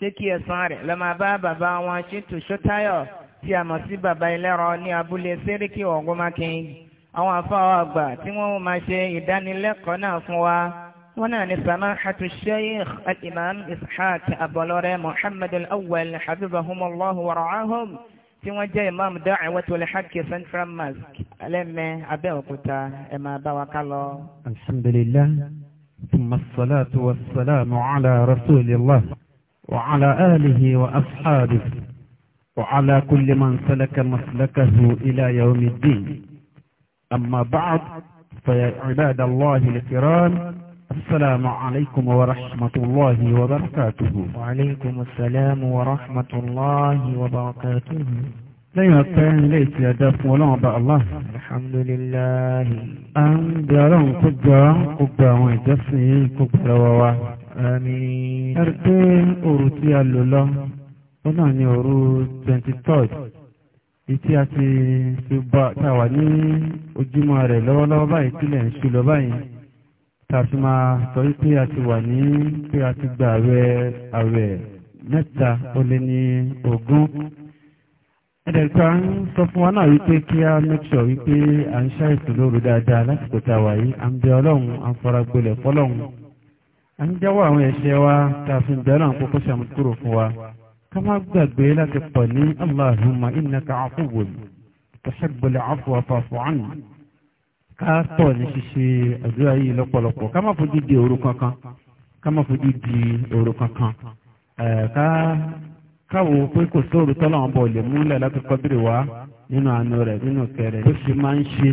pé kí ẹ̀san rẹ̀ lọ máa bá bàbá wọn Chintu Ṣótáyọ̀ tí a mọ̀ sí bàbá ẹlẹ́rọ ní abúlé Séríkì Ògúnmákin àwọn afáwọ̀ àgbà tí wọ́n máa ṣe ìdánilẹ́kọ̀ọ́ náà fún wa wọ́n náà ní samahatu sheikh al-imam ishaq abọlọ́rẹ́ Muhammad al-awwal habibahumullahu wa tí wọ́n jẹ́ imam da'watul haqq central mosque alẹ́mẹ́ abẹ́òkúta ẹ̀ máa bá wa ká lọ. alhamdulillah thumma salatu wa salamu ala rasulillah. وعلى آله وأصحابه وعلى كل من سلك مسلكه إلى يوم الدين أما بعد فيا عباد الله الكرام السلام عليكم ورحمة الله وبركاته وعليكم السلام ورحمة الله وبركاته lẹ́yìn ọ̀pẹ́ ilé ìtì ẹ̀dá fún ọlọ́run bá Allah. alhamdulillah. a ń bí ọlọ́run kó jọ kó gba àwọn ìjọsìn yìí kó gbà lọ́wọ́ wa. àmín. ẹ̀rí pé òru tí a lò lọ ó náà ní òru twenty third ìtí a ti tá a wà ní ojúmọ́ rẹ̀ lọ́wọ́lọ́wọ́ báyìí kílẹ̀ ń ṣe lọ báyìí tá máa sọ pé a ti wà ní pé a ti gba àwẹ̀ àwẹ̀ mẹ́ta ó lé ní ogún ẹ̀dẹ̀gbà ń sọ fún wa náà wípé kí a make sure wípé à ń ṣàìsàn lóru dáadáa lásìkò tá a wà yìí à ń bẹ ọlọ́run à ń fara gbolẹ̀ fọlọ́run à ń jáwọ́ àwọn ẹ̀ṣẹ̀ wa tá a fi ń bẹ ọlọ́run kókó ṣàmùkúrò fún wa ká má gbàgbé láti pọ̀ ní allahumma innaka afuwwun tuhibbul afwa fa'fu anni ká tọ̀ ní ṣíṣe àdúrà yìí lọ́pọ̀lọpọ̀ ká má fojú di òru kankan ká má fojú di òru kankan káwo pé kò sóòrù tọ́lọ́wọ́n bọ̀ lè múlẹ̀ látọ̀kọ́ bìrì wá nínú àánú rẹ̀ nínú kẹrẹ̀ tó ṣe máa ń ṣe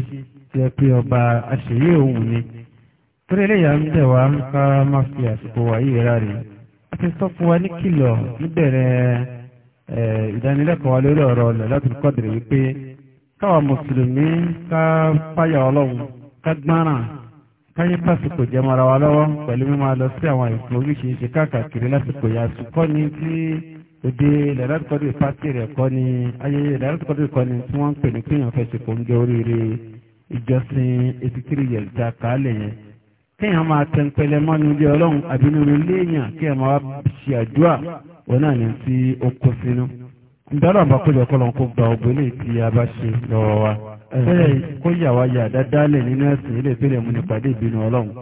tí ẹ pé ọba àṣeyé òun ni. tírélé yà ń bẹ̀ wá ká má fi àsìkò wá yìí rà rí. a ti sọ fún wa ní kìlọ̀ níbẹ̀rẹ̀ ìdánilẹ́kọ̀ọ́ lórí ọ̀rọ̀ ọ̀lẹ̀ látọ̀kọ́ bìrì wípé káwa mùsùlùmí ká fáyà ọlọ́run ká gbọ́nràn káyé pásìkò jẹmọ́ra wa lọ́wọ́ pẹ̀lú mímọ́ lọ sí àwọn ìfún oríṣiríṣi káàkiri lásìkò yà sùkọ́ ní tí èdè ìdàdàkọ́dé pàtì rẹ̀ kọ́ ni ayẹyẹ ìdàdàkọ́dé kọ́ ni tí wọ́n ń pè ní kéèyàn fẹ́ ṣe kò ń jẹ oríire ìjọsìn eighty three years dá kálẹ̀ yẹn kéèyàn máa tẹ̀ǹpẹ̀lẹ̀ mọ́nu ilé ọlọ́run àbí nínú ilé èèyàn kéèyàn máa ṣe àdúrà wọn náà ní tí ó sínú. ìdánwò àbákọ́jọ́ kọ́ ló kó gba ògbélé tí a bá ṣe lọ́wọ́ wa fẹ́rẹ̀ kó yàwá yà dáadáalẹ̀ nínú ẹ̀sìn ilé ìpínlẹ̀ mú ní pàdé ìbínú ọlọ́run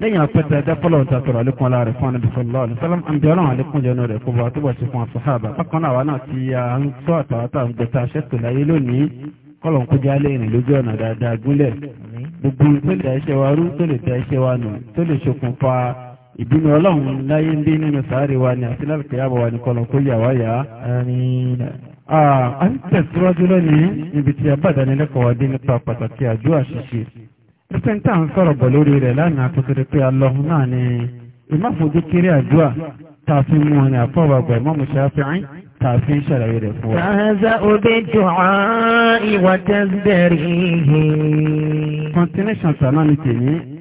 lẹ́yìn apẹta ẹ̀dápọ̀lọ̀ ta tọrọ alékún ọlá rẹ̀ fún anábìsọ̀lọ́ alẹ́sọ́lọ́m àǹbí ọlọ́run alékún jẹnu rẹ̀ kó bọ́ àtúbọ̀ sí fún àṣọ́hábà bákan náà wà náà ti ya ń tọ́ àtàwátà ń gbẹta aṣẹ́tò láyé lónìí kọ́lọ̀n kó jálẹ̀ ìrìn lójú ọ̀nà dáadáa gúnlẹ̀ gbogbo tó lè da iṣẹ́ wa rú tó lè da iṣẹ́ wa nù tó lè ṣokùnfà ìbínú ọlọ́run láyé ń bí nínú sàárè wa ni àti lálùkẹ́yàbọ̀ wa ni kọ́lọ̀n kó yà wá yà a ń tẹ̀síwájú lónìí níbi tí abádánilẹ́kọ̀ọ́ adé nípa pàtàkì àjọ àṣìṣe pẹ́ńtà ń sọ̀rọ̀ bọ̀ lórí rẹ̀ lánàá tó kéré pé alọ́hun náà ni ìmáfojú kéré àjọ à tá a fi mú ọ ní àfọwọ́ àgbà ìmọ̀mù ṣáfíìn tá a fi ń ṣàlàyé rẹ̀ fún wa. continuation tànà tèmi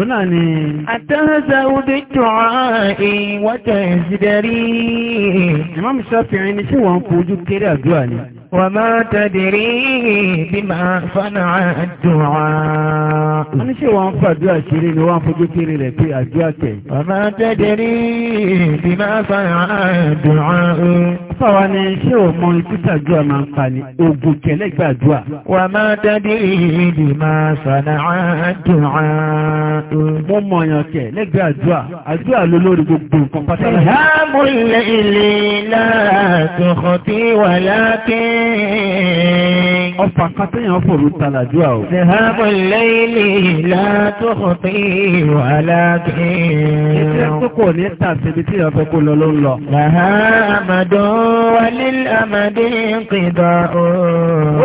ó náà ni. àtẹ́sẹ̀ òde jọ̀ọ́ ìwọ́tẹ̀ ìsìdẹ̀rí. Imam Shafi'i ni ṣé wọ́n ń fojú kéré àdúrà ni. wà máa tẹ̀dẹ̀rí bí máa fánà àdúrà. wọ́n ní ṣé wọ́n fàdúrà ṣeré ni wọ́n fojú kéré rẹ̀ pé àdúrà tẹ̀. wà máa tẹ̀dẹ̀rí bí máa fánà àdúrà àfáwa ni ṣé ò mọ ikú tàdúrà máa ń pa ni ogun kẹlẹ́ gbàdúrà. wà á máa dádé ìrìndì máa sànà àádùn àádùn. mo mọ ọyàn kẹ lẹ́gbẹ̀ẹ́ àdúrà àdúrà ló lórí gbogbo nǹkan pátá. ìhámù ilé ilé láàtúnkọ̀tì wà lákè ọ̀pá kátẹ́yàn fòrú tàlàjú àwọ̀. Ṣèhábọ̀ lẹ́yìnlẹ̀ látòkòtì wà lákìí. Ìṣẹ́ tó kò ní tàbí tí ìyàfẹ́ kó lọ ló ń lọ. Màhá àmàdó wà nílé àmàdé kìdọ̀ ooo.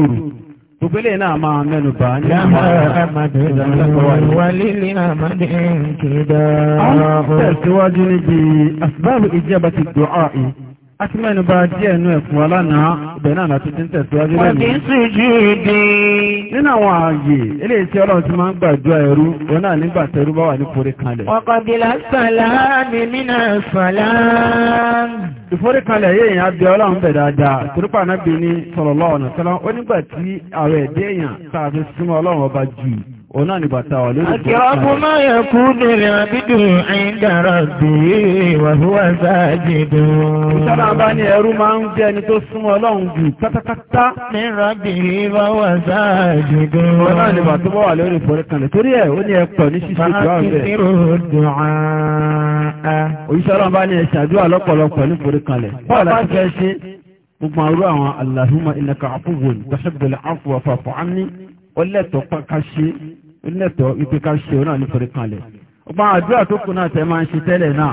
Ó Gbogbo ilé náà máa mẹ́nu bà ní àwọn ìjọba ti dùn áì a ti mẹ́nu bá díẹ̀ nú ẹ̀kùn alánàá ibẹ̀ náà láti ti ń tẹ̀síwájú lẹ́nu. wọ́n ti ń sì jù dé. nínú àwọn ààyè eléyìí tí ọlọ́run ti máa ń gbàdúrà ẹrú òun náà nígbà tẹrú bá wà ní forí kanlẹ̀. ọkọ̀bìlà sàlámì mínà sàlámì. ìforí kanlẹ̀ yé Ọ̀nà ni bàtà wà lórí ìgbà. Àkìrọ́bù máa yẹ kú bèèrè àbídù àyíndàrà bí wà fún wà sáàjìdù. Ìṣọ́nà bá ní ẹrú máa ń jẹ́ ẹni tó súnmọ́ Ọlọ́run jù pátápátá. Ní rábì wà wà sáàjìdù. Ọ̀nà ni bàtà wà lórí ìforíkanlẹ̀ torí ẹ̀ ó ní ẹ̀pọ̀ ní ṣíṣe ìdúrà bẹ́ẹ̀. Òṣìṣọ́nà ti fẹ́ gbogbo àrú àwọn Allahumma innaka afuwwun tuhibbul afwa fa'fu wọ́n lẹ́tọ̀ọ́ pàkà ṣe lẹ́tọ̀ọ́ ibi ká ṣe náà ní forí kanlẹ̀. ọgbà àdúrà tó kù náà tẹ máa ń ṣe tẹ́lẹ̀ náà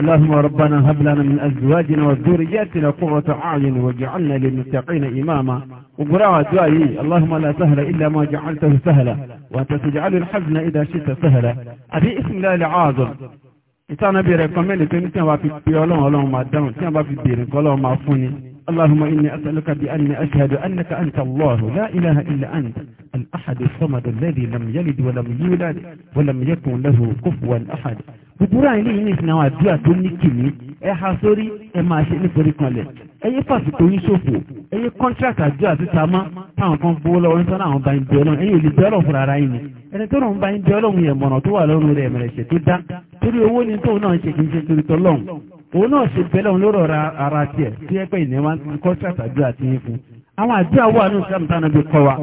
اللهم ربنا هب لنا من ازواجنا وذرياتنا قرة اعين واجعلنا للمتقين اماما وقراءة دعائي اللهم لا سهل الا ما جعلته سهلا وانت الحزن اذا شئت سهلا ابي اسم الله العظم ìtànà bí rẹ̀ kọ́mẹ́lì tó ní tí wọ́n bá fi pè اللهم إني أسألك بأني أشهد أنك أنت الله لا إله إلا أنت الأحد الصمد الذي لم يلد ولم يولد ولم يكن له كفوا أحد gbogbo àìní yìí ní ìsìnàwó àdúrà tó ní kìíní ẹ ha sórí ẹ máa ṣe nítorí kanlẹ̀ ẹyẹ fàṣìkò yín ṣòfò ẹyẹ kọ́ńtíráàtì àdúrà títa má táwọn kan gbowó lọ́wọ́ ní sọ́nà àwọn bá ń bẹ ọlọ́run ẹyẹ olè bẹ ọlọ́run fúnra ara yín ni ẹni tó lọ́run bá ń bẹ ọlọ́run yẹn mọ̀nà tó wà lọ́rùn rẹ̀ mẹ̀rẹ̀ṣẹ̀ tó dá torí owó ni tóun náà ṣe kì í ṣe torí tọ́lọ́run òun náà ṣe bẹ́lẹ̀ òun lórọ̀ ara tiẹ̀ tí ẹgbẹ́ ìní wa ń kọ́ ṣàtàjú àti yín fún àwọn àdúrà wà ní ìsìlámù tánà bí kọ́ wa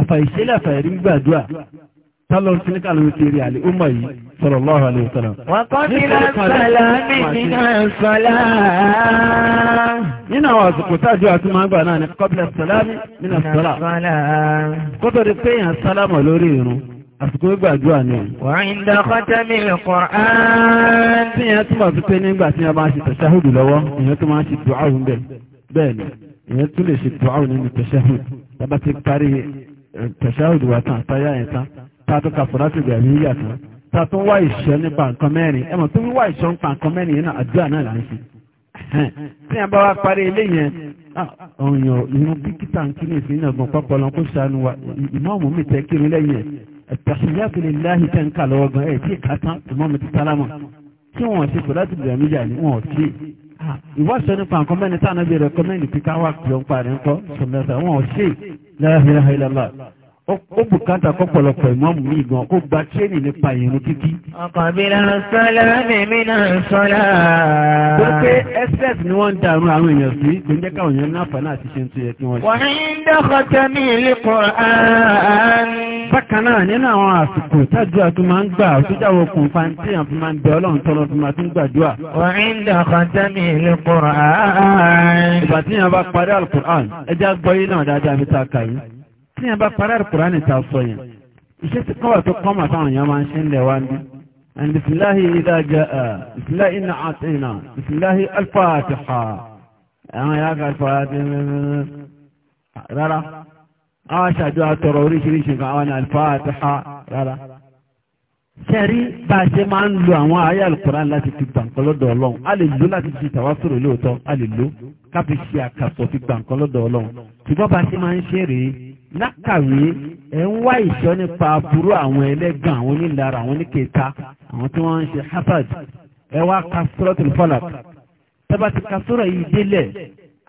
àfàìṣẹ́lẹ̀ àfàìrí gbàdúrà tálọ́ síníkà ló ti rí àlè ọmọ yìí sallallahu alaihi wasallam. wọ́n kọ́ sí lásálámì nínú sọ́lá. nínú àwọn àsìkò àsìkò gbàdúrà ni. wọ́n dá kọ́tẹ́ mi lè Kùránì. tí yẹn túmọ̀ sí pé nígbà tí yẹn máa ṣe tẹ̀sáhùdù lọ́wọ́ ìyẹn tó máa ṣe dùn áwùn bẹ́ẹ̀ bẹ́ẹ̀ ni ìyẹn tún lè ṣe dùn áwùn nínú tẹ̀sáhùdù tábà ti parí tẹ̀sáhùdù wa tán àtàyà yẹn tán tá a tó ka fọ́nrátì gbàgbé yíyà tán tá a tó wá ìṣọ́ nípa nǹkan mẹ́rin ẹ mọ̀ tó wá ìṣọ́ nípa nǹkan mẹ́rin yẹn náà àdúrà náà là ń ṣe tí a bá wá parí ilé yẹn ọ̀yàn ìrún bíkítà ń kí ní ìfínà gan pápọ̀ lọ kó ṣàánú wa ìmọ̀ọ́mù mi tẹ́ kírun lẹ́yìn التحيات لله تنكا لوغن اي تي كاتان تمام تسلاما tí wọ́n ti sọ̀rọ̀ láti bẹ̀rẹ̀ méjà ni wọ́n ti ìwọ́sọ nípa nǹkan mẹ́ni tí ànábì rẹ̀ kọ́mẹ́ni pípa wà pé ó ń parí ńkọ́ sọ̀mẹ́sà wọ́n ṣe la ilaha illallah ó bùkátà kọ́pọ̀lọpọ̀ ìmọ̀mù mi gan kó gba tírénì nípa ìrun kíkí. ọkọ̀bílá sọ́lámì mìíràn sọ́lá. tó pé ss ni wọ́n ń da àrùn àwọn èèyàn sí kò ń jẹ́ káwọn èèyàn náà fàánà ṣe ń tó yẹ kí wọ́n ṣe. wọ́n ń dọ́kọ̀tà ní ilé Qur'an. bákan náà nínú àwọn àsìkò tàdúrà tó máa ń gbà tó jáwọ́ okùn fàǹtì àfi máa ń bẹ ọlọ́run tọ́lọ́ tó máa tún gbàdúrà. wọ́n ń dọ́kọ̀tà ní ilé Qur'an. ìbàtí tí yẹn bá parí àrùkùránì ta sọ yẹn iṣẹ́ tí kọ́wà tó kọ́ mà táwọn èèyàn máa ń ṣe ń lẹ̀ wá ní and bisimilahi idaja bisimilahi ina atina bisimilahi alfatiha àwọn ya ka alfatiha rárá àwọn aṣáájú àtọrọ oríṣiríṣi nǹkan àwọn alfatiha rárá sẹ́rí bá a ṣe máa ń lo àwọn ayé alukóran láti fi gbàǹkan lọ́dọ̀ ọlọ́run a láti fi tàwa sọ̀rọ̀ lóòótọ́ a lè lo ká fi ṣe àkàsọ̀ ṣùgbọ́n bá máa ń ṣe rèé lákàwé ẹ̀ ń wá ìṣọ́ nípa aburú àwọn ẹlẹ́gàn àwọn onílára àwọn oníkèéta àwọn tí wọ́n ń ṣe hasad ẹ wá ka suratul falak tẹ́bà ti ka sọ́rọ̀ yìí délẹ̀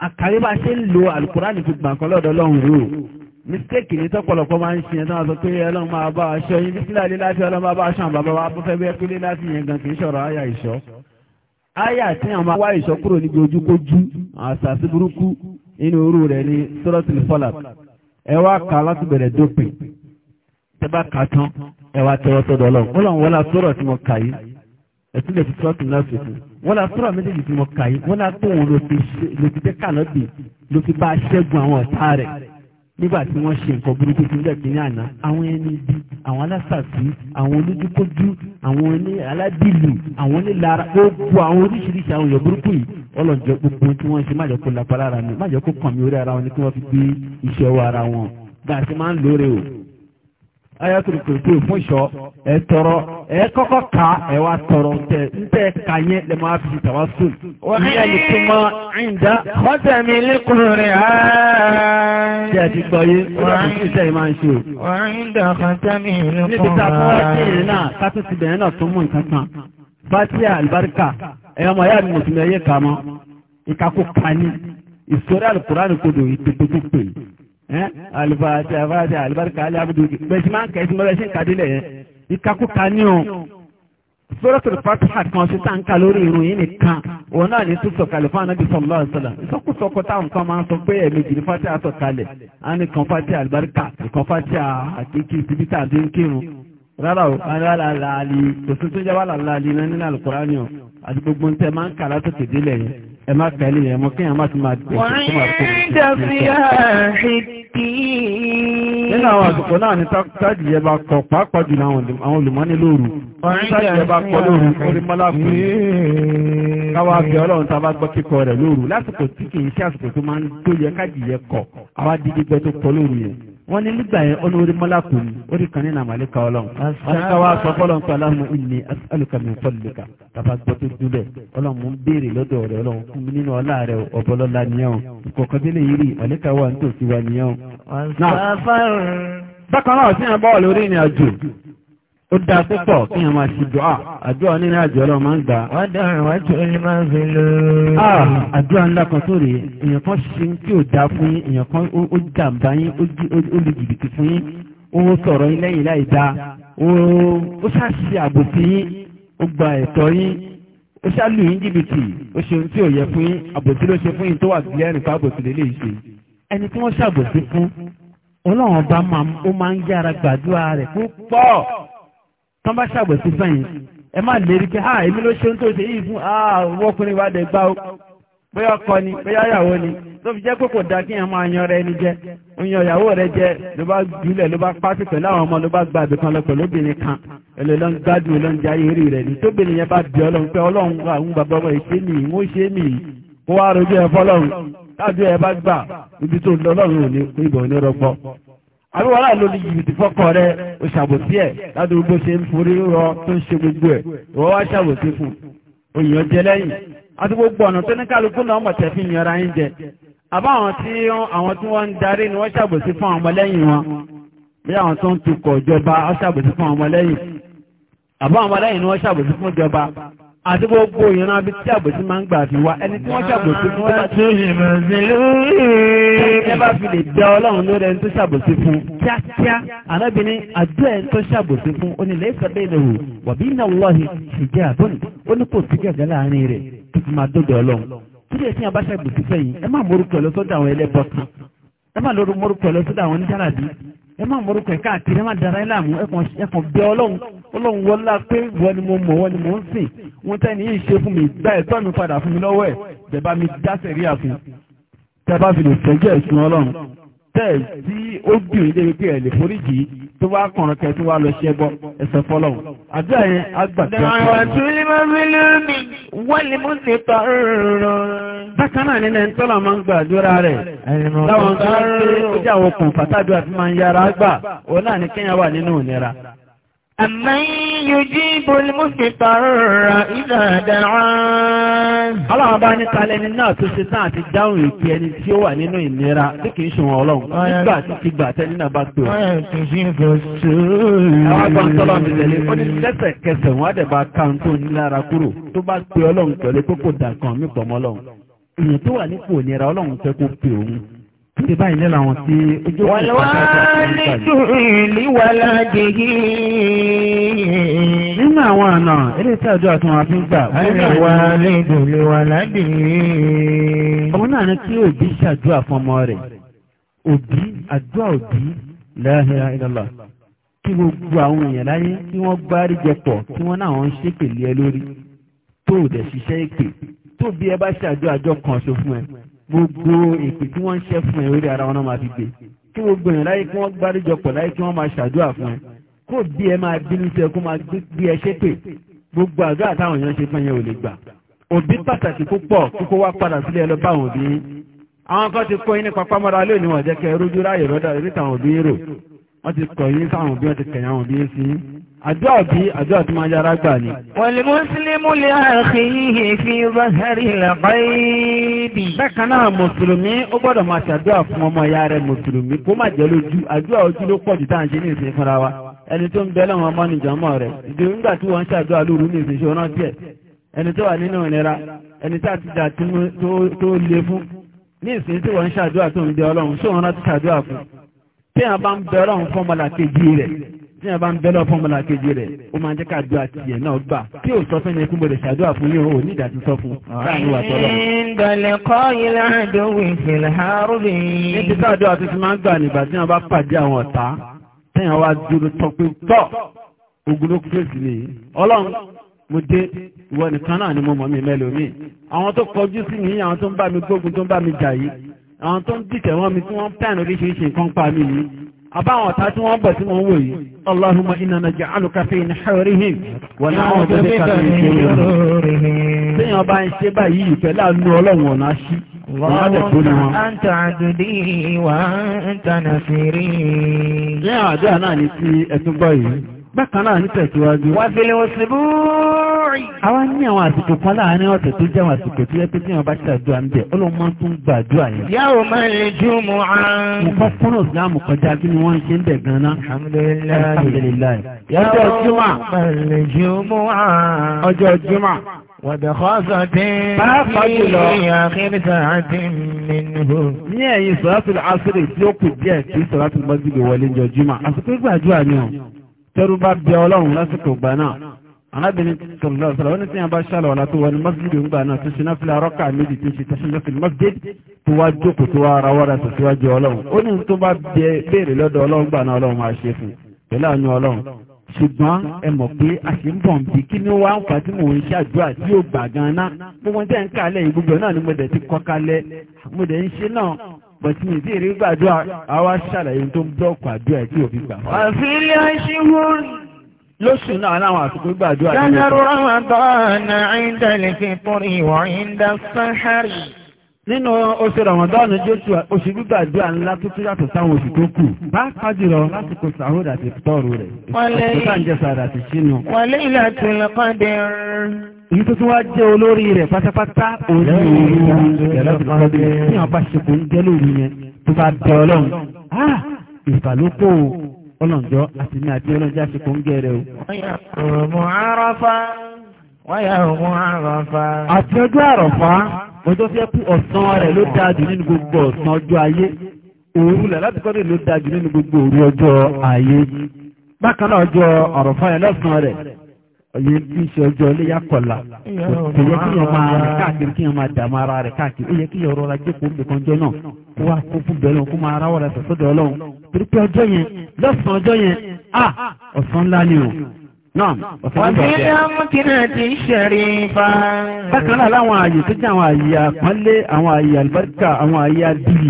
àkàrí bá ṣe ń lo alukurani fi gbà kan lọ́dọ̀ ọlọ́run rò mistake ní tọ́pọ̀lọpọ̀ máa ń ṣe ẹ̀ náà sọ pé ọlọ́run máa bá aṣọ yín bísí láàrin láti ọlọ́run máa bá aṣọ àwọn bàbá wa bó fẹ́ bẹ́ẹ̀ pélé láti yẹn gan kì í ṣọ̀rọ̀ àyà ìṣọ́ àyà tí àwọn máa wá ìṣọ́ kúrò níbi ojúkójú àṣà sí inú orú rẹ̀ ní suratul falak ẹ wá kà láti bẹ̀rẹ̀ dópin tẹ bá kà tán ẹ wá tẹ́wọ́ sọ́dọ̀ ọlọ́run ó lọ́n wọlá sọ̀rọ̀ tí mo kà yìí ẹ̀tún lè fi sọ́ọ̀tù náà ṣòfò wọlá sọ̀rọ̀ méjèèjì tí mo kà yìí wọlá tóun ló fi dé kànáàbì ló fi bá a ṣẹ́gun àwọn ọ̀tá rẹ̀ nígbà tí wọ́n ṣe nǹkan burúkú tí nígbà kínní àná àwọn ẹni ọlọ́njọ́ gbogbo tí wọ́n ṣe má jẹ́ kó lapa lára mi má jẹ́ kó kàn mí orí ara wọn ni kí wọ́n fi gbé iṣẹ́ wọ ara wọn bá a ṣe máa ń lóore o. ayatul kòtò fún ìṣọ ẹ tọrọ ẹ kọ́kọ́ ká ẹ wá tọrọ tẹ n tẹ ká yẹn lẹ máa fi tàwa sùn. ìyá ni tó mọ ìdá. ọ̀sẹ̀ mi lẹ́kùnrin rẹ̀ á. ṣé ẹ ti gbọ́ yé wọ́n á ti sẹ́yìn máa ń ṣe o. ọ̀rìn dà ọ̀sẹ̀ mi lẹ́kùnrin rẹ̀ á. níbi tá a fọwọ́ sí ìrìn náà ká tó ti bẹ̀rẹ̀ náà tó mú nǹkan kan fatia albarka ẹ̀yọ́ ọmọ ayá mi mùsùlùmí ẹ̀yẹ kà mọ́ ìkàkó kání ìsọ̀rọ̀ alukuraani kodo ìdúgbòdúgbò ẹ̀ alifatia fatia albarka alẹ́ abudu bẹ́sì máa ń kẹ́ ẹ̀sìn bẹ́sì ń kàdé lẹ̀ yẹn ìkàkó kání o sọ̀rọ̀ tó fatiha kan ṣe tá n ká lórí irun yìí nìkan òun náà ní tó sọ̀kalẹ̀ fún anabi sọ̀lọ́ ọ̀sọ̀lá ìsọkúsọkọ táwọn kan máa ń sọ pé ẹ̀mejì ní fatia sọ̀kalẹ̀ á ní kan fatia albarka ìkan fatia àkékè síbi tá ń kírun rárá o aláàlàálì òsùn tó jẹ́ wà náà nínú àlùkùránì àti gbogbo ntẹ máa ń kà látòkè délẹ̀ yẹn ẹ má kà ilé yẹn mọ kéèyàn má ti máa dùn sí máa kó nínú àwọn àsìkò náà ni tájì yẹn bá kọ pàápàá jù náà àwọn olùmọ́ni lóru tájì yẹn bá kọ lóru orí mọ́láàpù káwá bí ọlọ́run tá a bá gbọ́ kíkọ rẹ̀ lóru lásìkò tí kì í ṣe àsìkò tó máa ń tó yẹ kájì yẹn kọ wọ́n ní nígbà yẹn olórí mọ́lákù ni orí kan nínú àmàlíkà ọlọ́run àríkà wa sọ fọlọ́n pé aláhùn ìní asálùkà mi fọlùkà bàbá gbọ́ tó dúbẹ̀ ọlọ́run mú béèrè lọ́dọ̀ rẹ̀ ọlọ́run fún mi nínú ọlá rẹ̀ ọ̀bọ̀lọ́lá nìyẹn o kọ̀ọ̀kan délé yìí rí àlékà wa ń tòsí wa nìyẹn o. bákan náà sí ẹ̀ bọ́ọ̀lù orí ìrìn àjò ó dá púpọ̀ kí a máa ṣe dùá àdúrà nínú àjọ ọlọ́ máa ń gbà. wọ́n dáhùn wá tí ó lè máa ń fi lò. àdúrà ńlá kan tó rèé èèyàn kan ṣe tí ò dáa fún yín èèyàn kan ó jàǹbá yín ó lu jìbìtì fún yín ó sọ̀rọ̀ yín lẹ́yìn láì dáa ó ṣàṣì àbòsí yín ó gba ẹ̀tọ́ yín ó ṣàlù yín jìbìtì ó ṣe ohun tí ò yẹ fún yín àbòsí ló ṣe fún yín tó wà gílẹ́rìn fún àbòsí lè lè ṣe ẹni tí wọ́n ṣàbòsí fún ọlọ́run ọba máa ń yára gbàdúrà rẹ̀ púpọ̀ tán bá ṣàgbẹ̀ sí fẹ́yìn ẹ má lérí pé ah èmi ló ṣe ń tó ṣe yìí fún ah ọkùnrin wa gbá o bóyá ọkọ ni bóyá ìyàwó ni tó fi jẹ́ pé kò dáa kí èèyàn máa yan rẹ ẹni jẹ oyan ìyàwó rẹ jẹ ló bá jùlẹ̀ ló bá pàṣẹ pẹ̀lú àwọn ọmọ ló bá gba àbẹ̀kan lọ pẹ̀lú obìnrin kan èlò ló ń gbádùn mi ń mi kó wá rojú ẹ fọlọ́run tábí ẹ bá gbà ibi àbí wọ́n láì lórí jìbìtì fọ́kọ̀ rẹ̀ o ṣàbòsí ẹ̀ ládùúgbò ṣe ń forí rọ tó ń ṣe gbogbo ẹ̀ ìwọ́n wá ṣàbòsí fún òyìnbó jẹ lẹ́yìn àti gbogbo ọ̀nà tó ní kálukú náà mọ̀tẹ́ fi yanra yín jẹ àbá àwọn tí àwọn tí wọ́n ń darí ni wọ́n ṣàbòsí fún àwọn ọmọlẹ́yìn wọn bí àwọn tó ń tukọ̀ ìjọba wọ́n ṣàbòsí fún àwọn ọmọlẹ́yìn àbá àwọn ọmọlẹ́yìn ni wọ́n ṣàbòsí fún ìjọba àti gbogbo ìran abí tí àbòsí máa ń gbà fi wá ẹni tí wọ́n ṣàbòsí fún bá tí ẹ bá fi lè bẹ ọlọ́run lórí ẹni tó ṣàbòsí fún kíákíá ànábì ní àjọ ẹni tó ṣàbòsí fún onílé ìfẹ́bẹ́ ìnáwó wàbí iná lọ́hì ṣìjẹ́ àbọ̀nì ó ní kò sí gẹ̀gẹ́ láàrin rẹ̀ tó fi máa dọ́dọ̀ ọlọ́run kí lè tí a bá ṣàbòsí fẹ́yìn ẹ má morúkọ lọ sọ́dọ̀ àwọn ẹlẹ́bọ kan ẹ má lórí morúkọ lọ sọ́dọ̀ àwọn oníjàràbí ẹ má morúkọ ẹ káàkiri ẹ má dara ẹ láàmú ẹkàn bẹ ọlọ́run ọlọ́run wọlá pé wọ́n ni mo mọ̀ wọ́n ni mo ń sìn wọn tẹ́ni yìí ṣe fún mi gba ẹ̀tọ́ mi padà fún mi lọ́wọ́ ẹ̀ tẹ̀bá mi dáṣẹ̀ rí àfin tẹ́bá fi lè tẹ́jẹ́ ìsun ọlọ́run tẹ́ tí ó gbìyànjú débi pé ẹ̀ lè foríjì tó bá kọ̀ọ̀rọ̀ kẹ́ tó wá lọ ṣẹ́ bọ́ ẹsẹ̀ fọlọ́run àdúrà yẹn agbàgbé ọ̀pọ̀ ọ̀rọ̀ tó lè أَمَّنْ يُجِيبُ الْمُسْتَضْطَرَّ إِذَا دَعَاهُ Ọlọ́run bá ní talẹ́ni náà tó ṣe tán àti dáhùn ìpè ẹni tí ó wà nínú ìnira tí kìí ṣe wọn ọlọ́run nígbà tí ti gbà tẹ́ni náà bá pè wọ́n. Àwọn agbọ́n tọ́lọ́ mi tẹ̀lé ó ní lẹ́sẹ̀kẹsẹ̀ wọ́n á dẹ̀ bá káwọn tó ní lára kúrò tó bá pe ọlọ́run pẹ̀lú kókò dà kan mí pọ̀ mọ́ ọlọ́run. Èèyàn Ṣé báyìí lẹ́la wọn tí ojú ọ̀pọ̀ Nínú àwọn àna, eré tí àjọ àti wọn fi ń gbà. Ọmọ náà ní kí òbí ṣàdúrà fún ọmọ rẹ̀. Òbí, àdúrà òbí, la ilaha illallah. Kí gbogbo àwọn èèyàn láyé kí wọ́n gbárí jẹpọ̀ kí wọ́n náà ń ṣépè lé ẹ lórí. Tó ò gbogbo èpè tí wọ́n ń ṣẹ́ fún ẹ orí ara wọn máa fi gbé kí gbogbo yẹn láyé kí wọ́n gbáríjọpọ̀ láyé kí wọ́n máa ṣàdúrà fún ẹ kó bí ẹ máa bínú sí ẹ kó máa gbé ẹ ṣépè gbogbo àdúrà táwọn èèyàn ṣe fún yẹn ò lè gbà òbí pàtàkì púpọ̀ kókó wá padà sílé ẹ lọ bá àwọn òbí àwọn kan ti kọ́ yín nípa pámọ́ra lónìí wọ́n jẹ́ kẹ́ rójú ráyè rọ́dà rí táwọn òbí rò wọ́n ti kọ̀ yín sáwọn òbí wọ́n ti kẹ̀yìn àwọn òbí sí yín àjọ àbí àjọ àti máa yára gbà ní. wọ̀lì mùsùlùmí lè àkí ihe fi rọ́sẹ̀rì làbáyébì. bákan náà mùsùlùmí ó gbọ́dọ̀ máa ṣàdúrà fún ọmọ ìyá rẹ̀ mùsùlùmí kó má jẹ́ lójú àdúrà ojú ló pọ̀ jù tá ní ìsìn fúnra wa ẹni tó ń bẹ lọ́wọ́ ọmọ nìjọ́mọ́ rẹ̀ ìdí nígbà tí wọ́n ṣàdúrà lóru ní ìsìn ṣe ọ̀nà ẹni tó wà nínú ìnira ẹni tá àti ìjà tó le fún ní ìsìn tí wọ́n ṣàdúrà tó ń bẹ ọlọ́run ṣé òun rántí ṣàdúrà fún tí wọ́n bá ń bẹ ọlọ́run fún ọmọlàkejì rẹ̀ tí a bá ń bẹ́lọ̀ fún ọmọlá kejì rẹ̀ ó máa jẹ́ ká àdúrà tiẹ̀ náà gbà tí ò sọ fẹ́ni ẹkún bọ̀dẹ̀ ṣàdúrà fún yóò ní ìdájú sọ fún láàrin wà tọ́lọ̀. ìdọ̀lẹ̀ kọ́ ilé àdówì fìlhárùbì. ní ti sáàdúrà tó ti máa ń gbà nígbà tí wọn bá pàdé àwọn ọ̀tá tẹ́yàn wá dúró tọ́ pé ogun ló fèsì ni ọlọ́run mo dé ìwọ nìkan náà ni mo mọ̀ mí mẹ́lò mi àwọn tó kọjú sí mi àwọn tó ń bá mi gbógun tó ń bá mi jà yìí àwọn tó ń dìtẹ̀ wọ́n mi tí wọ́n ń pẹ́ẹ̀nù oríṣiríṣi nǹkan pa mí yìí àbáwọn ọ̀tá tí wọ́n bọ̀ tí wọ́n wò yìí Allahumma inna naj'aluka fi nahurihim wa na'udhu bika min shururihim tíyàn bá ń ṣe báyìí ìfẹ́ láàánú ọlọ́run ọ̀nà sí Allahumma anta abdi Ní àdúrà náà ni tí bákan náà ní tẹ̀síwájú. wà fi lè òṣèbú rí. àwa ní àwọn àsìkò kan láàárín ọ̀sẹ̀ tó jẹ́ àwọn àsìkò tó yẹ pé tí wọn bá ṣàdúrà ń bẹ̀ ọlọ́mọ tún gbàdúrà yẹn. yàwó máa lè jú mu àrùn. mo kọ́ kúrò síláàmù kọjá kí ni wọ́n ń ṣe ń bẹ̀ gan-an. alhamdulilayi alhamdulilayi. yàtọ̀ juma. máa lè jú mu àrùn. ọjọ́ juma. وبخاصة في آخر ساعة منه ní ẹ̀yìn sọ́látù àṣírí tí ó kù díẹ̀ sí sọ́látù mọ́jú wọlé jọ jùmọ̀ àsìkò ìgbàjú àníyàn tẹ́rù bá bí ọlọ́run lásìkò gbà náà arábìnrin tọ̀lọ́ sọ̀rọ̀ wọ́n ní tí a bá ṣàlọ̀ ọ̀la tó wọ ní masjid ń gbà náà tó ṣe náà fi àrọ́kà méjì tó ṣe tẹ́ṣẹ́lẹ́ fi masjid tó wá jókòó tó wá ara wọ́ra tó síwájú ọlọ́run ó ní tó bá béèrè lọ́dọ̀ ọlọ́run gbà náà ọlọ́run máa ṣe fún pẹ̀lú àánú ọlọ́run ṣùgbọ́n ẹ mọ̀ pé a ṣe ń bọ̀ ń bí kí ni wá ń fà tí mò ń ṣàdúrà tí yóò gbà gan-an gbogbo tẹ́ ń kálẹ̀ ìgbogbo náà ni mo dẹ̀ ti kọ́ kalẹ̀ mo dẹ̀ ń ṣe náà bọ̀tí ìdí ìrí gbàdúrà àwa ṣàlàyé tó ń blọ́ọ̀kù àdúrà tí òbí gbà. àfihàn aṣíwòrì. lóṣù náà láwọn àsìkò gbàdúrà. jẹ́nẹ́rù Ramadan inda al-fitri wa inda as-sahari. nínú oṣù Ramadan jésù oṣù gbígbàdúrà ńlá tó tó yàtọ̀ sáwọn oṣù tó kù bá kájúrọ lásìkò sàhódà ti tọ́ọ̀rù rẹ̀. wọlé ìlà tó lọ́kọ́ èyí tó tún wá jẹ́ olórí rẹ̀ pátápátá òní ìrìn ah! ọlọ́njọ́ àti ní àti ọlọ́njọ́ àṣekò ń gẹ̀ẹ́rẹ́ o. àti ọjọ́ àrọ̀fá ọjọ́ fẹ́ kú ọ̀sán rẹ̀ ló dáa jù nínú gbogbo ọ̀sán ọjọ́ ayé òru lẹ̀ láti kọ́ ló dáa jù nínú gbogbo òru ọjọ́ ayé bákan náà ọjọ́ àrọ̀fá yẹn lọ́sàn rẹ̀ Oye kí ṣe ọjọ́ ilé yá kọ̀la. Kò yẹ kí yẹn máa rẹ̀ káàkiri kí yẹn máa dààmú ara rẹ̀ káàkiri. Ó yẹ kí yẹn rọra jókòó nìkan jọ náà. Kó wá kó fún bẹ́ẹ̀ lọ́wọ́ kó máa ráwọ̀ rẹ̀ sọ̀sọ́dọ̀ ọlọ́run. Torí ọjọ́ yẹn lọ́sàn-án ọjọ́ yẹn, ah! Ọ̀sán ńlá ni o. Náà, Bákan tó jẹ́ àwọn ààyè àpọ́nlé, àwọn ààyè àlùbáríkà, àwọn ààyè àdìrì.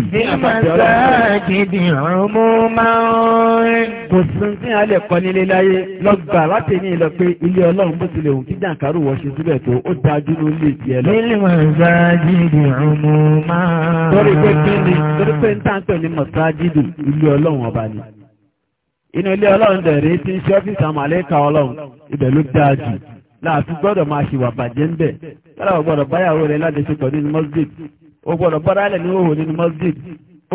Kò sí sí alẹ́ kọ́ nílé láyé lọ́gbà láti ní ìlọ pé ilé Ọlọ́run bó tilẹ̀ òun kí jàǹkárù wọ́n ṣe síbẹ̀ tó ó dájú ló lè tiẹ̀ lọ. ilé Ọlọ́run ọba ni inú ilé ọlọ́run dẹ̀rẹ́ tí ń ṣe ọ́fíìsì àwọn àlékà ọlọ́run ibẹ̀ ló dáa jù láàfi gbọ́dọ̀ máa ṣìwà bàjẹ́ ń bẹ̀ lára gbọ́dọ̀ báyàwó rẹ̀ ládẹ́sẹ̀pọ̀ nínú masjid ó gbọ́dọ̀ bọ́dálẹ̀ ní òhò nínú masjid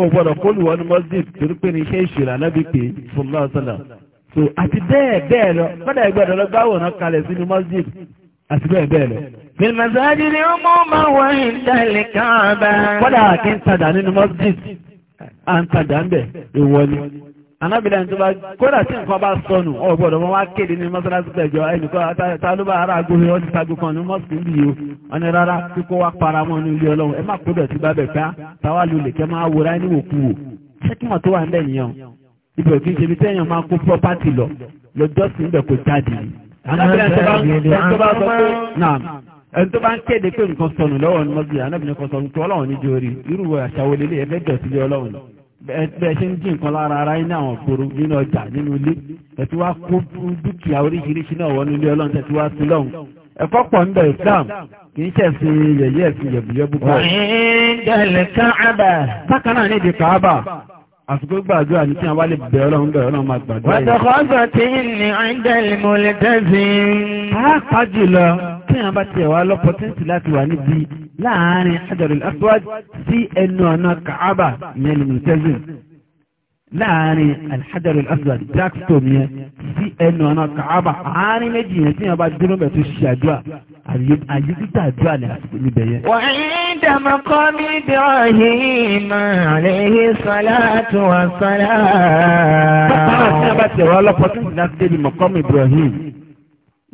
ó gbọ́dọ̀ kóluwọ́ ní masjid torí pé ní iṣẹ́ ìṣúra nábì pé sallallahu so àti bẹ́ẹ̀ bẹ́ẹ̀ lọ bọ́dà ìgbọ́dọ̀ lọ gbáwòrán kalẹ̀ sínú masjid àti bẹ́ẹ̀ bẹ́ẹ̀ lọ. bìlmọ̀sáàjì ni ó mú máa wọ ìdálẹ̀ kan masjid à ń anábìlẹ̀ tó bá kódà tí nǹkan bá sọnù ọ̀gbọ́dọ̀ wọn wá kéde ní mọ́sálásí pẹ̀jọ ẹnìkan ta ló bá ara agbóhìn ọtí tagun kan ní mọ́sùlùmí bí o wọn ni rárá kíkó wá paramọ́ ní ilé ọlọ́run ẹ má kó dọ̀tí bá bẹ̀ ká táwa lulè kẹ́ máa wòrá ní òkú wò ṣẹ́kìmọ̀ tó wà ń bẹ̀ nìyẹn ibẹ̀ kì í ṣe bí téèyàn máa kó pọ́pátì lọ lọ́jọ́ sí ibẹ̀ kò jáde anábìlẹ̀ tó bá sọ pé ẹni tó bá ń kéde pé nǹkan sọnù lọ́wọ́ ni mọ́sùlùmí anábìlẹ̀ kan sọnù tó ọlọ́run ní jórí irú àṣàwọlélé ẹgbẹ́ dọ̀tí lé ọlọ́run bẹ́ẹ̀ ṣe ń dín nǹkan lára ara yín àwọn òporo nínú ọjà nínú ilé ẹ wá kó dúkìá oríṣiríṣi náà wọnú ilé ọlọ́run tẹ̀ wá sí lọ́hùn ẹ̀kọ́ pọ̀ ń bẹ̀ Islam kì í yẹ̀yẹ́ ẹ̀sìn yẹ̀bùyẹ́bù bọ̀. ìdẹ̀lẹ̀ káàbà. a wá lè bẹ̀rẹ̀ láàárín Hajarul Aswad sí ẹnu ọ̀nà Kàábà yẹn ni Mùtẹ́zìn láàárín Hajarul Aswad Blackstone yẹn sí ẹnu ọ̀nà Kàábà àárín méjì yẹn tí yẹn bá dúró bẹ̀ tó ṣe àdúrà àyíkítà àdúrà ní àsìkò níbẹ̀ yẹn. wà á dàmọ́ kọ́ mi Ibrahim alayhi salatu wa salam. bákan náà tí a bá tẹ̀wọ́ ọlọ́pọ̀ tó ń dá sí débi mọ̀kọ́mù Ibrahim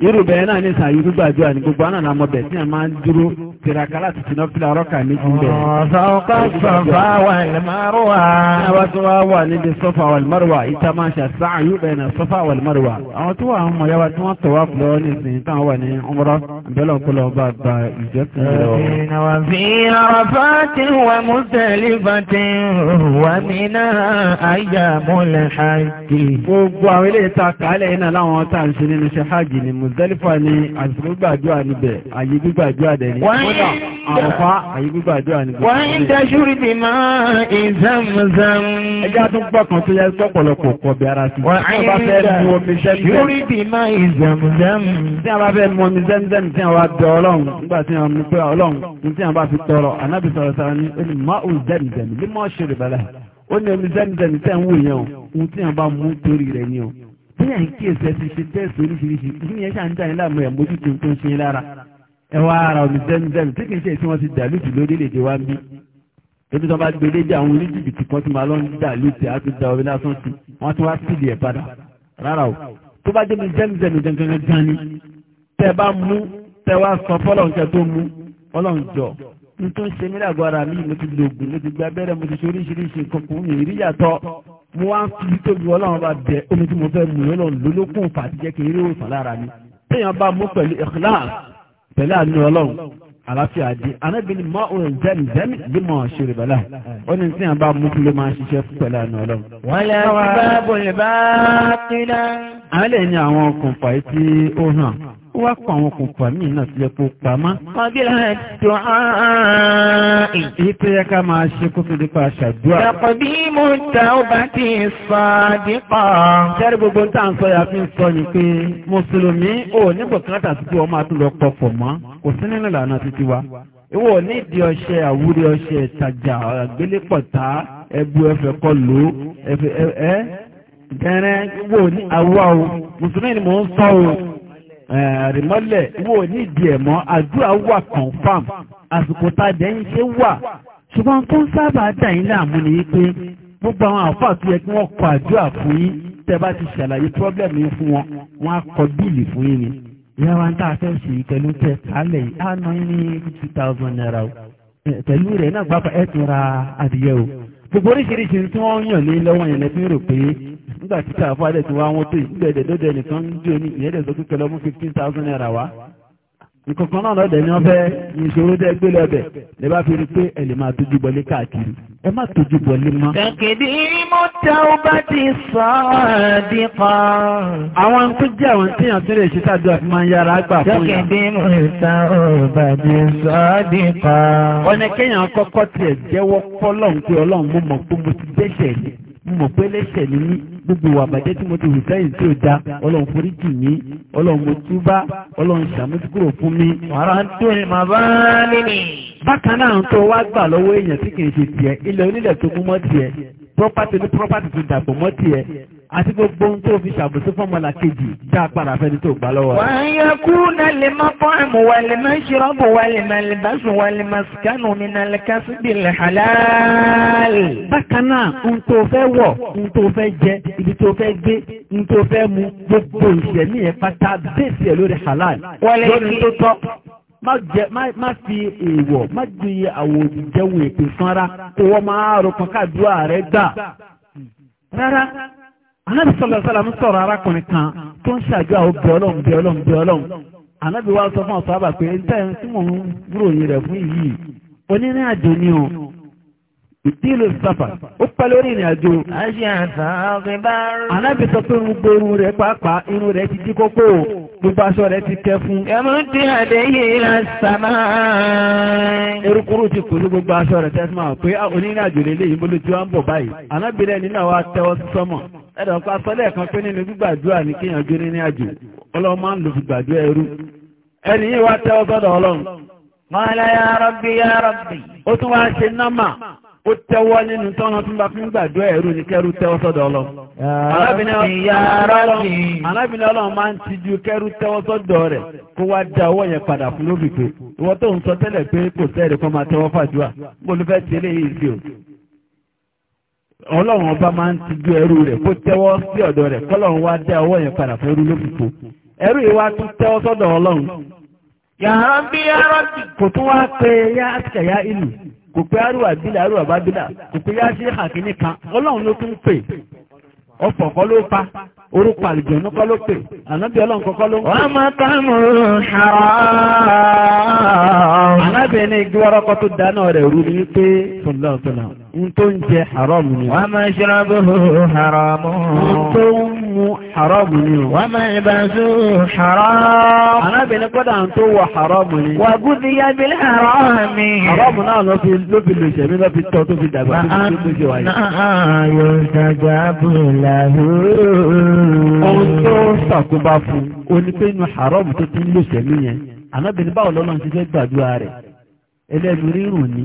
irú bẹ̀rẹ̀ náà ní sàn yìí gbàjọ́ àní gbogbo àná àmọ́ bẹ̀ tí a máa ń dúró tìràkà láti tìná fílà ọ̀rọ̀kà méjì bẹ̀rẹ̀. sọ́kà sọ́fà wà lẹ́mọ́rùwà. náà wá tó wá wà níbi sọ́fà wà lẹ́mọ́rùwà ìta máa ṣe àṣà yóò bẹ̀rẹ̀ náà sọ́fà wà lẹ́mọ́rùwà. àwọn tó wà ń mọ̀ yàwá tí wọ́n tọ̀ wá fúlọ́ ní ba ìjọsìn Mùsùlùmí ni àsìkò gbàdúrà níbẹ̀, àyè gbígbàdúrà dẹ̀ ní. Kódà àrùfá àyè gbígbàdúrà níbẹ̀. Wọ́n ń dájú rí bí máa ìzamzam. Ẹja tún gbọ́ kan tó yẹ sọ́pọ̀lọpọ̀ kọ̀ bí ara sí. Wọ́n ń dájú rí bí máa ìzamzam. Tí a bá fẹ́ mu omi zẹ́mzẹ́m tí a wá bẹ Ọlọ́run nígbà tí a mú pé Ọlọ́run ní tí a bá fi tọrọ, ànábì sọ̀rọ̀ sọ̀rọ̀ ní ó ní máa ò zẹ́mzẹ́m lé mọ́ ṣe rẹ̀ bẹ̀rẹ̀. Ó ní omi zẹ́mzẹ́m tẹ̀ ń wò yẹn o, ohun tí a bá mú torí rẹ̀ ni o bí ẹ̀ ń kíyèsí ẹ ti ṣe tẹ́sì oríṣiríṣi ìdí yẹn ṣáà ń dà ní láàmú ẹ̀ mójútó tó ń ṣe lára ẹ wá ara omi zẹ́mizẹ́mi tí kì í ṣe tí wọ́n ti dà lùtù lórílẹ̀‐èdè wa ń bí ebi tí wọ́n bá gbé lédè àwọn oníjìbìtì kan tí màá lọ dà lùtù á da omi lásán sí wọ́n ti wá sílì ẹ̀ padà rárá o tó bá jẹ́ zẹ́mizẹ́mi gangan gan ni tẹ́ bá mú tẹ́ wá sọ fọ́lọ́nkẹ́ tó mú ọlọ́run jọ nítorí ṣe mí lágọ̀ọ́ ara mi mo ti lògùn mo ti gba abẹ́rẹ́ mo ti mo wá ń fi tóbi ọlọ́run bá bẹ omi tí mo fẹ́ mu yọ lọ́n lólókùn fà àti jẹ́ kí eré òsàn lára mi téèyàn bá mú pẹ̀lú ìkìláàsì pẹ̀lú àánú ọlọ́run àlàáfíà dé anábìnrin mọ òun zẹmi zẹmi bí mo ṣeré bẹ́lá ó ní tí bá mú kí ló máa ṣiṣẹ́ pẹ̀lú àánú ọlọ́run. wọ́n lè bá bòlè bá kílá. àwọn eléyìí ni àwọn okùnfà yìí tí ó hàn ó wá pa àwọn kòkò àmì náà ti lẹ́pọ̀ pamá. Ọbílá ẹ̀dùn ààrùn. Èyí tó yẹ ká máa ṣe kó tó dípa ṣàdúrà. Yàpọ̀ bí mo ta ó bá ti sọ dípọ̀. Ṣẹ́rí gbogbo ya fi ń sọ ni pé Mùsùlùmí ò ní bùkátà sí pé ìdí ọṣẹ àwúrí ọṣẹ ìtajà àgbélépọ̀tá ẹbu ẹfẹ̀ kọ lò ó ẹfẹ̀ gẹ́rẹ́ wò ní àwa o Mùsùlùmí ni mò ń sọ Eh, àrímọ́lẹ̀ wò ní ìdí ẹ̀ mọ́ àdúrà wà confam àsìkò tajà yín ṣe wà ṣùgbọ́n tó ń sábà dà yín láàmú ni wípé gbogbo àwọn àfáà tó yẹ kí wọ́n kọ àdúrà fún yín tẹ́ bá ti ṣàlàyé problem yín fún wọn wọ́n á kọ bíìlì fún yín ni ìyá wa ń tà fẹ́ ṣe ìtẹ̀lú tẹ kálẹ̀ yìí á ná yín ní two thousand naira o eh, pẹ̀lú rẹ̀ náà gbàgbọ́ ẹ̀ tún ra adìyẹ o gbogbo oríṣiríṣi tí nígbà tí sàfà dẹ̀ ti wá tó yìí níbẹ̀ dẹ̀dẹ̀ nìkan jó ní ìyẹn dẹ̀ sọ pé fifteen thousand naira wá. ìkọ̀kan náà lọ́dẹ̀ ni wọ́n fẹ́ ìṣòro dẹ́ gbé lọ́bẹ̀ lè bá fi rí pé ẹ lè máa tójú bọlé káàkiri ẹ má tójú bọlé mọ́. kẹ̀kẹ́dì mo tẹ bá ti sọ ọ́ di kan. àwọn tó jẹ́ àwọn tí yàn sílẹ̀ ṣe tàdúrà fi máa ń yára gbà fún yàn. kẹ̀kẹ́dì mo tẹ bá ti sọ ọ́ di kan. ọ̀nà kéèyàn kọ́kọ́ tiẹ̀ jẹ́wọ́ kọ́ ọlọ́run mọ̀ pé mo ti dẹ́ṣẹ̀ yìí mọ̀ pé lẹ́sẹ̀ ni mí gbogbo ìwà àbàjẹ́ mo ti hù sẹ́yìn tí ò da ọlọ́run foríjì mí ọlọ́run mo túbá ọlọ́run ṣàmójúkúrò fún mi. ara ń tó ni màá bá nínú. bákan náà ń tó wá gbà lọ́wọ́ èèyàn tí kì í ṣe tiẹ̀ ilẹ̀ onílẹ̀ tó mú mọ́ tiẹ̀ property ní property tó dàpọ̀ mọ́ tiẹ̀ àti gbogbo ohun tó fi ṣàbùsí fọ́mọlà kejì dá padà fẹ́ni tó gbà lọ́wọ́ rẹ̀. wọ́n yẹ kú náà lè máa bọ́ ẹ̀mù wà lè máa ṣe rọ́bù wà lè máa lè bá sùn wà lè máa sìkánù mi náà lè kásí bí lè hàlàálì. bákan náà ohun tó fẹ́ wọ̀ ohun tó fẹ́ jẹ ibi tó fẹ́ gbé ohun tó fẹ́ mu gbogbo ìṣẹ̀mí ẹ̀ pátá bẹ́ẹ̀sì ẹ̀ lórí hàlàálì lórí tó má jẹ má fi èèwọ̀ má ju àwọn òjìjẹun èpè sanra kó wọ́n máa rọpọ̀ káàdúrà rẹ̀ gbà rárá anabi sọlọ sọlọ mi sọ̀rọ̀ arákùnrin kan tó ń ṣàjọ àwọn bí Ọlọ́run bí Ọlọ́run bí Ọlọ́run anabi wa sọ fún ọsọ àbà pé n tẹ́yìn tí mò ń ròyìn rẹ̀ fún yìí onírìn àjò ni o ìdí ìlú sáfà ó pẹ́ lórí ìrìn àjò. anabi sọ pé gbogbo irun rẹ̀ pàápàá irun rẹ̀ ti dí kókó gbogbo aṣọ rẹ̀ ti kẹ́ fún. ẹ̀mú ti àdé yìí ẹ̀rọ pa sọ́lẹ̀ kan pé nínú gbígbàdúrà ní kíyàn jó nínú àjò ọlọ́run máa ń lo gbígbàdúrà ẹrú ẹni yìí wá tẹ́ ọsọ́dọ̀ ọlọ́run. mọ́lá ya rọ́bì ya rọ́bì. ó tún wá ṣe nọ́mà ó tẹ́wọ́ nínú tọ́nà tó ń bá fi gbàdúrà ẹrú ní kẹ́rú ọlọ́run. alábìnrin ọlọ́run máa ọlọ́run ọba máa ń tijú ẹrú rẹ̀ kó tẹ́wọ́ sí ọ̀dọ̀ rẹ̀ kọ́lọ́run wá dá ọwọ́ yẹn padà fẹ́rú lófìfò ẹrú yìí wá tún tẹ́wọ́ sọ́dọ̀ ọlọ́run. yàrá bí yàrá bì. kò tún wá pé yá àṣìkà yá ìlú kò pé arúwà bílà arúwà bá kò pé yá sí àkíní kan ọlọ́run ló tún pè ọ̀pọ̀ kọ́ ló pa orúkọ àlùjọ̀nú kọ́ ló pè ànábì ọlọ́run kọ́kọ́ ló ń pè. wọ́n máa kánú haram. alábẹ̀ẹ́ni gbé ọrọ́kọ tó dáná rẹ̀ rú ni pé fúnlọ́ọ̀tún ń tó ń jẹ haramu ni. wọ́n máa ṣọ́rọ́bù haramu. ń tó ń mu haramu ni. wọ́n máa ìbáṣú haramu. arábìnrin kọ́dà ń tó wọ haramu ni. wà gúdí yá bí haramu. haramu náà ló fi ló fi lè ṣẹ̀mí ló fi tọ́ tó fi dàgbà tó fi wáyé. náà yóò ṣàjà bùlà ohun tó ṣàkóbá fún onípẹ́nu haramu tó ti ń lè ṣẹ̀mí yẹn. anábìnrin báwo lọ́nà ti fẹ́ gbàdúrà rẹ̀ ẹlẹ́nu rírùn ni.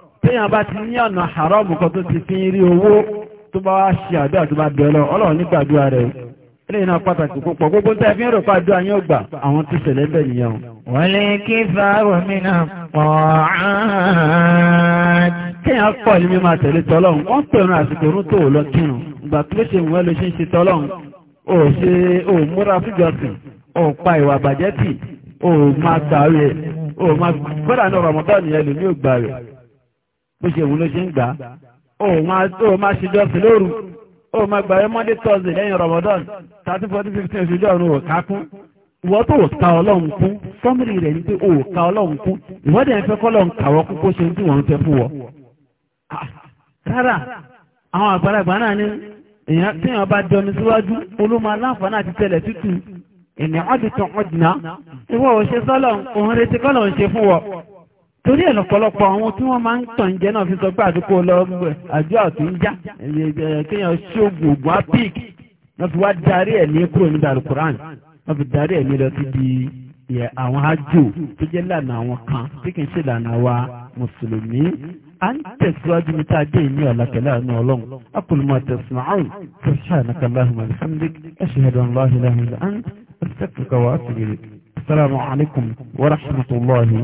téèyàn bá ti ní ọ̀nà haramu kan tó ti fi ń rí owó tó bá wá ṣe àdúrà tó bá bẹ̀ lọ ọlọ́run nígbàdúrà rẹ̀ eléyìí náà pàtàkì púpọ̀ gbogbo tẹ́ fi ń rò pàdúrà yóò gbà àwọn tó ṣẹlẹ̀ bẹ̀ nìyẹn. wọ́n lè kí fáwọn mìíràn pọ̀ áàd. pọ̀ bó ṣe wù ló ṣe ń gbà ó máa ṣe jọ́ sí lóru ó máa gbà mọ́dé tọ́sí lẹ́yìn ramadan thirty forty fifty ṣojú ọ̀run òkà kún ìwọ tó ò ka ọlọ́run kún sọ́mìrì rẹ̀ ni pé ò ka ọlọ́run kún ìwọ́dẹ̀ ń fẹ́ kọ́lọ́run kàwọ́ kún kó ṣe tí wọ́n ń fẹ́ fún wọ. rárá àwọn àgbàlagbà náà ni èèyàn tí èèyàn bá dọni síwájú olóma aláǹfààní àti tẹlẹ̀ tútù ènìyàn ọ̀dùn tán ọ̀dùn náà ìwọ ò òun retí kọ́lọ̀ ń ṣe fún wọ torí ẹ̀nà pọ̀lọpọ̀ àwọn tí wọ́n máa ń tàn jẹ́ náà fi sọ pé àdúgbò lọ́gbẹ̀ àjọ àti ń já kéèyàn ṣóògùn ògùn apic wọ́n fi wá darí ẹ̀mí kúrò níbi alukuran wọ́n fi darí ẹ̀mí lọ sí di àwọn àjò tó jẹ́ lànà àwọn kan tí kì í ṣe lànà wa mùsùlùmí à ń tẹ̀síwájú níta dé ní ọ̀la àánú ọlọ́run akùnmọ̀ tẹ̀síwájú subhanaka